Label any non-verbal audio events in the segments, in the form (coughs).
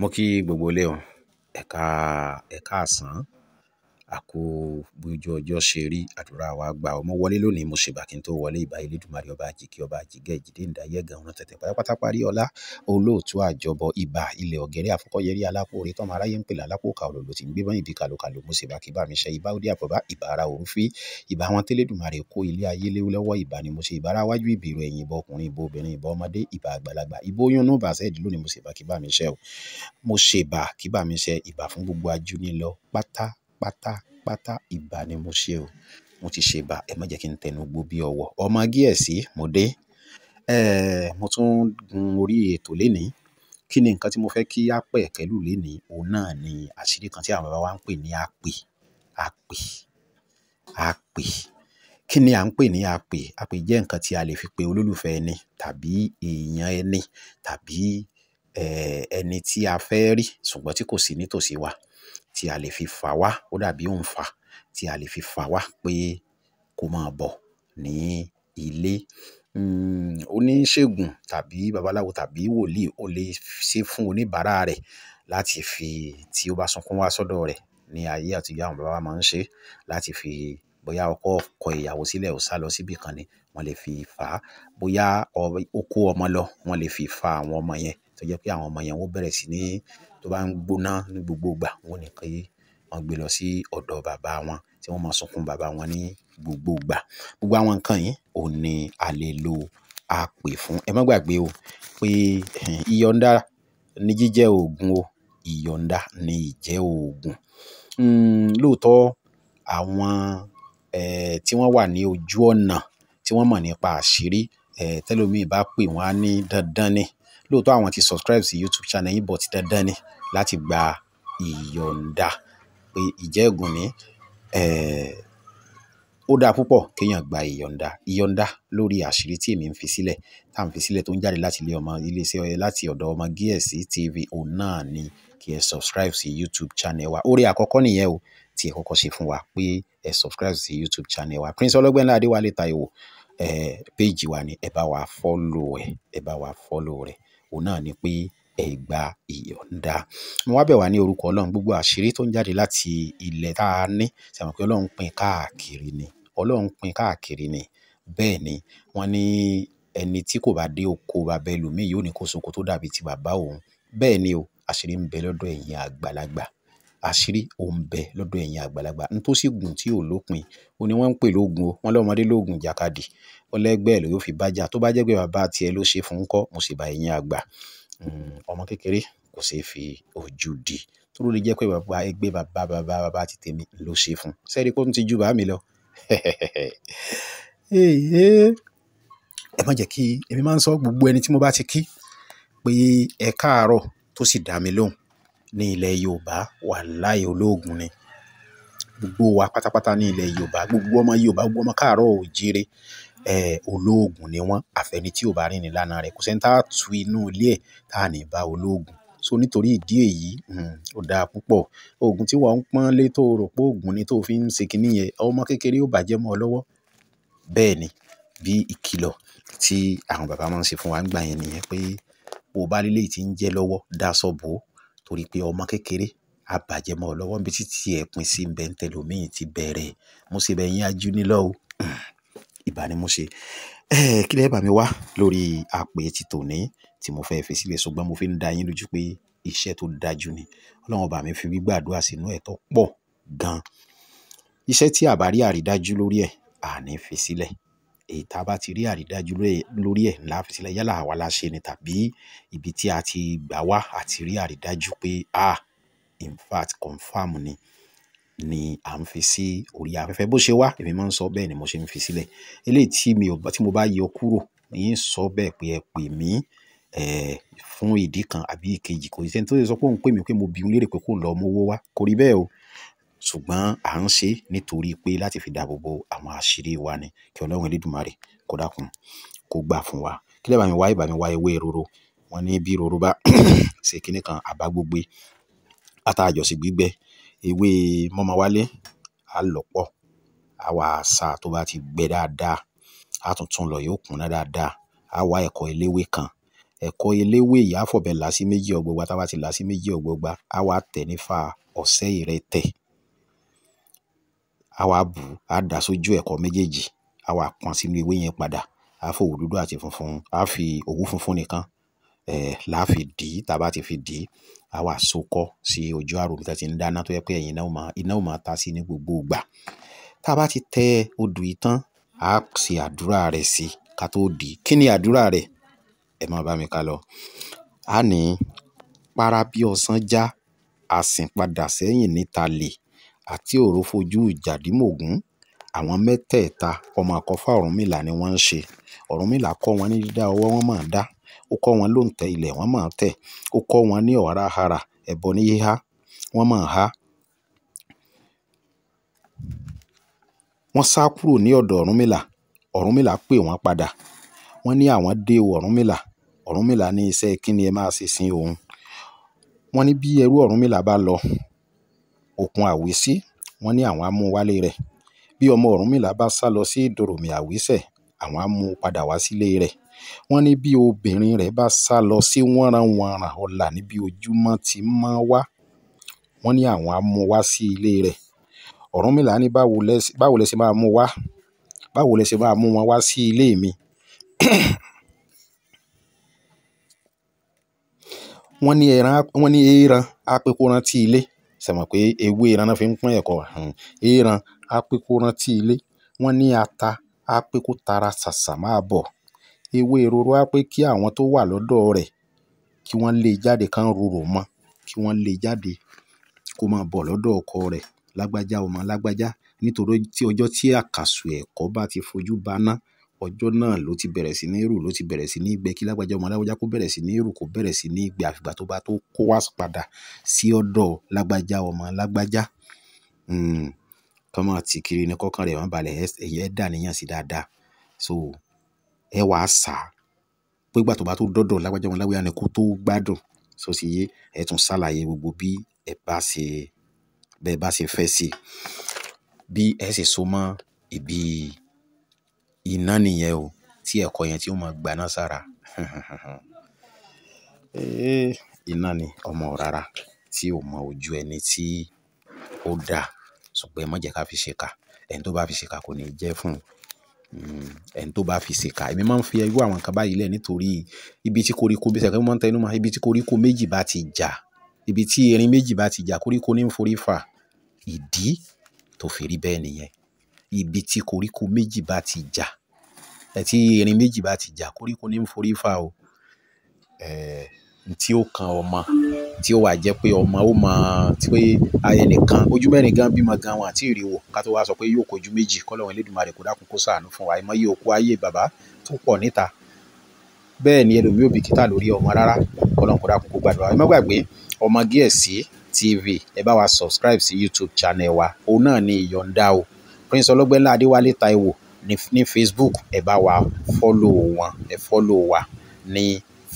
mo kí gbogbo ilé o ẹ káà ẹ àkó bójú ọjọ́ ṣe rí àdúrà wa gba ọmọ wọlé lónìí mo ṣèbà kí n tó wọlé ìbá elédùnmarè ọba àjèkí ọba àjìgẹ ìjìdé ìdáyẹgàn ọrùn tẹ̀tẹ̀ pátápátá parí ọlá olóòtú àjọbọ ibà ilẹ̀ ọ̀gẹ́rẹ́ àfọkọ́yẹrí alápòore tọ́mọ aráyé ń pèlè alápòkà olólo ti ń gbé báyìí di kàlòkàlò mo ṣèbà kí bá mi ṣe ibà òde àbọ̀bá ìbà ara òrùfí ìbà àwọn tẹ́lẹ̀dùnmarè kó ilé ayé léwu lọ́wọ́ ni mo ṣe ìbà ara wájú ìbìrò ẹ̀yìn ìbọn ọkùnrin ìbọn obìnrin ìbọn ọmọdé ìbà àgbàlagbà ìbò yúnú ni mo ṣèbà pátápátá ìbà ni mo ṣe o. Mo ti ṣe ìbà, ẹ má jẹ́ kí n tẹnu gbó bí ọwọ́. Ọmọ gíẹ̀sì, mo dé. Ehn, mo tún gun orí ètò lénìí. Kí ni nǹkan tí mo fẹ́ kí a pẹ̀ lénìí? Òun náà ni àṣírí kan tí àwọn bàbá wa ń pè ní àpè. Àpè, àpè. Kí ni à ń pè ní àpè? Àpè jẹ́ nǹkan tí a lè fi pe olólùfẹ́ ẹni tàbí èèyàn ẹni tàbí, ẹni tí a fẹ́ rí ṣùgbọ́n tí kò sí nítòsí wa tí a lè fi fà wá, ó dàbí òǹfà tí a lè fi fà wá pé kó máa bọ̀ ní ilé. Hmm, oníṣègùn tàbí babaláwo tàbí wòlíì ó lè ṣe fún oníbàárà rẹ̀ láti fi tí ó bá sunkún wá sọ́dọ̀ rẹ̀ ní ayé àtijọ́ àwọn bàbá wa máa ń ṣe láti fi bóyá ọkọ kọ ìyàwó sílẹ̀ ó sá lọ síbi kan ni wọ́n lè fi fà á. Bóyá ó kó ọmọ lọ wọ́n lè fi fà àwọn ọmọ yẹn tó jẹ́ pé àwọn ọmọ yẹn ó bẹ̀rẹ̀ sí ní tó bá ń gbóná ní gbogbo ìgbà wọ́n ní kí wọ́n gbé lọ sí ọ̀dọ̀ bàbá wọn tí wọ́n máa sunkún bàbá wọn ní gbogbo ìgbà gbogbo àwọn nǹkan yìí òun ni a lè lo àpè fún ẹ má gbàgbé o pé ìyọ̀ǹda ní jíjẹ́ oògùn o ìyọ̀ǹda ní ìjẹ́ oògùn hmm, lóòótọ́ àwọn tí wọ́n wà ní ojú ọ̀nà tí wọ́n mọ̀ nípa àṣírí tẹ́lómìn bá pè wọ́n á ní dandan ni lóòótọ́ àwọn ti subscribe sí YouTube channel yìí but dandan ni láti gba ìyọ̀ǹda pé ìjẹ́ ègùn ní eh, ó dáa púpọ̀ kéèyàn gba ìyọ̀ǹda ìyọ̀ǹda lórí àṣírí tí èmi ń fi sílẹ̀ tá à ń fi sílẹ̀ tó ń jáde láti ilé ọmọ iléeṣẹ́ láti ọ̀dọ̀ ọmọ Giesi TV òun náà ni kí ẹ subscribe sí YouTube channel wa oore àkọ́kọ́ nìyẹn o tí ẹ kọ́kọ́ ṣe fún wa pé ẹ subscribe sí YouTube channel wa Prince Ọlọ́gbẹ́nlá Adéwálé Táíwò eh, péèjì wa ni ẹ bá wa fọ́lò ẹ ẹ bá wa fọ́lò rẹ̀ òun náà ni pé ẹ gba ìyọ̀ǹda. Mo wá bẹ̀ wá ní orúkọ Ọlọ́run, gbogbo àṣírí tó ń jáde láti ilẹ̀ tá a ní, ṣe Ọlọ́run pín káàkiri ni. Ọlọ́run pín káàkiri ni. Bẹ́ẹ̀ ni, wọ́n ní ẹni tí kò bá dé oko baba ẹlòmíì, yóò ní kó sóko tó dàbí ti bàbá òun. Bẹ́ẹ̀ ni o, àṣírí ń bẹ lọ́dọ̀ ẹ̀yin àgbàlagbà àṣírí ó ń bẹ lọ́dọ̀ ẹ̀yin àgbàlagbà ní tó sì gùn tí ò lópin ó ní wọ́n ń pè lóògùn o wọ́n lọ́mọdé lóògùn jàkadì ọlẹ́gbẹ́ ló yóò fi bá jà tó bá jẹ́ pé bàbá tiẹ̀ ló ṣe fún un kọ́ mo sì bá ẹ̀yin àgbà hmm, ọmọ kékeré kò ṣeé fi ojú di tó ló lè jẹ́ pé bàbá ẹgbẹ́ bàbá bàbá bàbá ti tèmi ló ṣe fún sẹ́ẹ̀rí kó tún ti ju bàá mi lọ (laughs) ẹ má jẹ́ kí èmi máa ń sọ gbogbo ẹni tí mo bá ti kí pé ẹ káàárọ̀ tó sì dá mi lóhùn ní ilẹ̀ Yorùbá wàláì olóògùn ni. Gbogbo wa pátápátá ní ilẹ̀ Yorùbá, gbogbo ọmọ Yorùbá, gbogbo ọmọ káàárọ̀ òjìrè, eh, olóògùn ni wọ́n. Àfẹ́ni tí ò bá rìn ìlànà rẹ̀, kò sí ẹni tí a tú inú ilé ẹ̀ tá ní bá olóògùn. So nítorí ìdí èyí, hmm, ó dáa púpọ̀. Òògùn tí wọ́n ń pọ́n lé tó rò pé òògùn ni tó fi ń ṣe kíní yẹn, ọmọ kékeré ó bàjẹ́ mọ́ ọ lọ́wọ́. Bẹ́ẹ̀ ni, bí ìkìlọ̀ tí àwọn bàbá máa ń ṣe fún wa nígbà yẹn nìyẹn pé, "Bo bá rí eléyìí ń jẹ lọ́wọ́, dá sọ́bọ̀ torí pé ọmọ kékeré á bàjẹ́ mọ́ ọ lọ́wọ́ níbi tí tí ẹ pín sí ń bẹ ń tẹlòmíì ti bẹ̀rẹ̀ mo sì bẹ̀ yín ajú nílọ o ìbánimúṣe kí lẹ́ẹ̀ bá mi wá lórí àpè ti tòní tí mo fẹ́ fi sílẹ̀ ṣùgbọ́n mo fi ń da yín lójú pé iṣẹ́ tó dájú ni ọlọ́run bá mi fi gbígbàdúrà sínú ẹ̀ tó pọ̀ gan-an iṣẹ́ tí àbárí àrídájú lórí ẹ̀ àní fi sílẹ̀ èyí tá a bá ti rí àrídájú lórí ẹ̀ la fi yálà àwa la ṣe ni tàbí ibi tí a ti gbà wá àti rí àrídájú pé ah in fact confam ni ni à ń fi sí orí afẹ́fẹ́ bó ṣe wá èmi máa ń sọ bẹ́ẹ̀ ni mo ṣe ń fi sílẹ̀ eléyìí tí mi ò tí mo bá yọ kúrò yín sọ bẹ́ẹ̀ pé ẹ pè mí fún ìdí kan àbí ìkejì kò sí ẹni tó sọ pé òun pè mí pé mo bi òun léèrè pé kò lọ mówó wá kò rí bẹ́ẹ̀ o ṣùgbọ́n à ń ṣe nítorí pé láti fi dáàbò bo àwọn àṣírí wa ni kí Ọlọ́run Elédùmarè kó dákun kó gbà fún wa kí lè bá mi wá ìbá mi wá ewé roro wọn ní bí roro bá (coughs) ṣe kinní kan àbá gbogbo àtàjọsí gbígbẹ ewé mọ́mọ́wálé àlọ́pọ̀ àwa àṣà tó bá ti gbẹ dáadáa àtúntún lọ yóò kúnná dáadáa àwa ẹ̀kọ́ eléwé kan ẹ̀kọ́ eléwé yìí àfọ̀bẹ̀ làásì méjì ọgbọgba tá a ti làásì méjì ọgbọgba àwa tẹ̀ nífà ọ̀sẹ̀ ìrẹtẹ̀ a wá bù ú a dà sójú ẹ̀kọ́ méjèèjì a wá pọn sínú ewé yẹn padà a fò òwú dúdú àti funfun a fi òwú funfun nìkan eh, láà fi dì í tá a bá ti fi dì í a wá sokọ́ sí ojú àrò bí tá a ti ń dáná tó yẹ pé ẹ̀yìn iná ó iná ó ta sí ní gbogbo ìgbà tá a bá ti tẹ odù yìí tán a ṣe àdúrà rẹ̀ sí ká tó dì í kí ni àdúrà rẹ̀ ẹ máa bá mi ká lọ a ní para bí ọsán já àsìn padà sẹ́yìn níta lè àtíóró fojú ìjà àwọn mẹ́tẹ̀ẹ̀ta ọmọ àkọ́fà ọ̀rúnmìlà ni wọ́n ń ṣe ọ̀rúnmìlà kọ́ wọn ní dídá ọwọ́ wọn ma dá ó kọ́ wọn lóǹtẹ̀ ilẹ̀ wọn ma tẹ. tẹ̀ ó kọ́ wọn ní ọ̀hárahara ẹbọ ní wọ́n há. wọ́n sá kúrò ní ọ̀dọ̀ ọ̀rúnmìlà ọ̀rúnmìlà pè wọ́n padà wọ́n ní àwọn dé o ọ̀rúnmìlà ọ̀rúnmìlà ní iṣẹ́ kí ni ẹ máa ṣe sin lọ òkun àwísí wọn ni àwọn á mú un wálé rẹ̀ bí ọmọ ọ̀rúnmìlà bá sá lọ sí ìdòròmì àwísẹ̀ àwọn á mú un padà wá sílé rẹ̀ wọ́n ní bí obìnrin rẹ̀ bá sá lọ sí wọ́nranwọnran ọ̀la níbi ojúmọ́ ti mọ́ wá wọ́n ní àwọn á mú wá sí ilé rẹ̀ ọ̀rúnmìlà ní báwo lẹ máa mú wá báwo lẹ máa mú wọn wá sí ilé mi (coughs) wọ́n ní ẹran á pé kó rántí ilé Ṣẹ̀mọ̀ pé ewé eran ni wọ́n fi ń pọ́n ẹ̀kọ́. Eran á pé kó rántí ilé. Wọ́n ní ata á pé kó tara ṣàṣà máa bọ̀. Ewé roro á pé kí àwọn tó wà lọ́dọ̀ rẹ̀ kí wọ́n lé e jáde kí rorò mọ́, kí wọ́n lé e jáde kó máa bọ̀ lọ́dọ̀ ọkọ rẹ̀. Lágbájá ọmọ lágbájá. Nítorí ọjọ́ tí àkàsò ẹ̀kọ́ bá ti fojú ba ná ọjọ́ náà ló ti bẹ̀rẹ̀ sí ní rù ló ti bẹ̀rẹ̀ sí ní gbẹ kí lágbájá ọmọ lágbájá kó bẹ̀rẹ̀ sí ní rù kó bẹ̀rẹ̀ sí ní gbẹ àfìgbà tó bá tó kó wá padà sí ọ̀dọ̀ lágbájá ọmọ lágbájá hmm, kọ́mọ tí kiri ni kọ́kàn rẹ̀ wọ́n balẹ̀ ẹ̀yẹ dà níyàn sí dáadáa so ẹ wàá sà á pé ìgbà tó bá tó dọ́dọ̀ lágbájá ọmọ lágbájá ni kó tó gbádùn so sì yé ẹ tún ṣàlàyé gbogbo bí ẹ bá ṣe bẹ́ẹ̀ bá ṣe fẹ́ sí bí ẹ ṣe so mọ́ ibi iná nìyẹn o, tí ẹ̀kọ́ yẹn tí ó máa gbaná sára. (laughs) Eh, iná ni ọmọ ọ̀rárá tí ò mọ ojú ẹni tí ó da. Ṣùgbọ́n ẹ má jẹ ká fi ṣe kà. Ẹni tó bá fi ṣe kà kò ní jẹ́ fún un. Hmm, ẹni tó bá fi ṣe kà, èmi máa ń fi irú àwọn nǹkan báyìí lẹ̀ nítorí ibi tí koríko bí sẹ̀kẹ̀rẹ̀ máa ń tẹnu mọ́, ibi tí koríko méjì bá ti jà, ibi tí erin méjì bá ti jà, koríko ni ń forí fà. Ìdí tó fi rí bẹ́ẹ̀ nìyẹn ibi tí koríko méjì bá ti jà tí erin méjì bá ti jà koríko ní ń forí fà o tí ó kan ọmọ tí ó wà jẹ́ pé ọmọ ó mọ tí pé ẹnìkan ojú mẹ́rin gan bímọ gan wọn àti ìrìwò ká tó wá sọ pé yóò kojú méjì kọ́lọ́run Elédùmarè kó dákun kó ṣàánú fún wa àìmọye òkú ayé bàbá tó pọ̀ níta bẹ́ẹ̀ ni ẹlòmíì ò bìkítà lórí ọmọ rárá kọ́lọ́run kó dákun kó gbàdúrà ẹ má gbàgbé Ọmọge Esi TV ẹ bá wa subscribe sí YouTube channel wa òun náà ni ìyọ̀ǹda o prince ọlọ́gbẹ́lá adéwálé taiwo ní, ní facebook ẹ bá wa fọ́lò wọn ẹ fọ́lò wa ní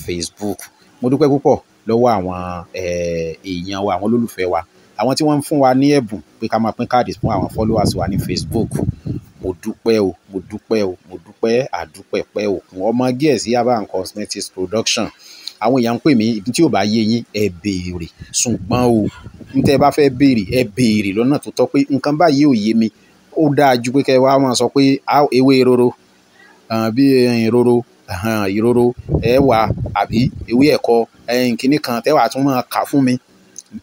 facebook mo dúpẹ́ púpọ̀ lọ́wọ́ àwọn èèyàn wa àwọn olólùfẹ́ wa àwọn tí wọ́n ń fún wa ní ẹ̀bùn pé ká máa pín káàdì fún àwọn followers wa ní facebook mo dúpẹ́ o mo dúpẹ́ o mo dúpẹ́ àdúpẹ́pẹ́ òkun ọmọ gẹ̀ẹ́sì aban cosmetics production àwọn èèyàn ń pè mí ibi tí ò bá yé yín ẹ béèrè ṣùgbọ́n o n tẹ́ bá fẹ́ béèrè ẹ béèrè lọ́nà tó tọ́ pé nǹkan báyìí ò yé mi ó dáa ju pé kẹ́ wá máa sọ pé ewé ìroro bí ìroro ìroro ẹ̀wà àbí ewé ẹ̀kọ kínní kan tẹ́wà tún máa kà fún mi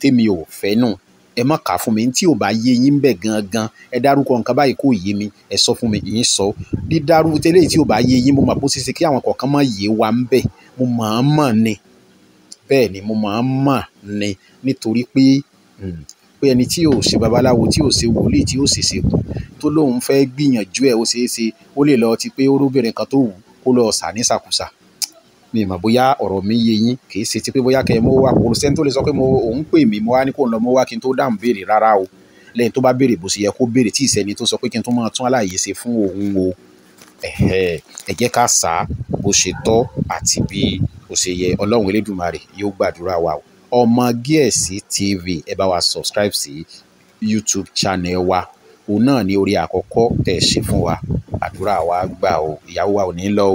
tèmi ò fẹ́ nù ẹ má kà fún mi tí ò bá yé yín gangan ẹ dárúkọ nǹkan báyìí kò yé mi ẹ sọ sọ tẹ́lẹ̀ tí ò bá yé yín mo bó wa ń bẹ̀ mo mọ̀ ni bẹ́ẹ̀ ni mo máa ń pé ẹni tí ò ṣe babaláwo tí ò ṣe wòlíì tí ò ṣèṣe kù tó lóun fẹ́ gbìyànjú ẹ̀ ó ṣeé ṣe ó lè lọ ti pé orúbìnrin kan tó wù kó lọ sà ní sàkúsà mi mọ̀ bóyá ọ̀rọ̀ mi yé yín kì í ṣe ti pé bóyá kẹ́ ẹ mọ́ wá kò sẹ́ni tó lè sọ pé mo òun pè mí mo wá ní kó n lọ mọ́ wá kí n tó dáhùn béèrè rárá o lẹ́yìn tó bá béèrè bó ṣe yẹ kó béèrè tí ìsẹ́ni tó sọ pé kí n tó máa tún aláàyè ṣe fún òun o ẹ jẹ́ ká sá bó ṣe tọ́ àti bí ó ṣe yẹ ọlọ́run elédùmarè yóò gbàdúrà wa o. Ọmọgíẹ̀sín TV ẹ bá wa subscribe sí YouTube channel wa òun náà ni oore àkọ́kọ́ tẹ̀ ṣe fún wa àdúrà wa gbà o ìyàwó wa ò ní lọ o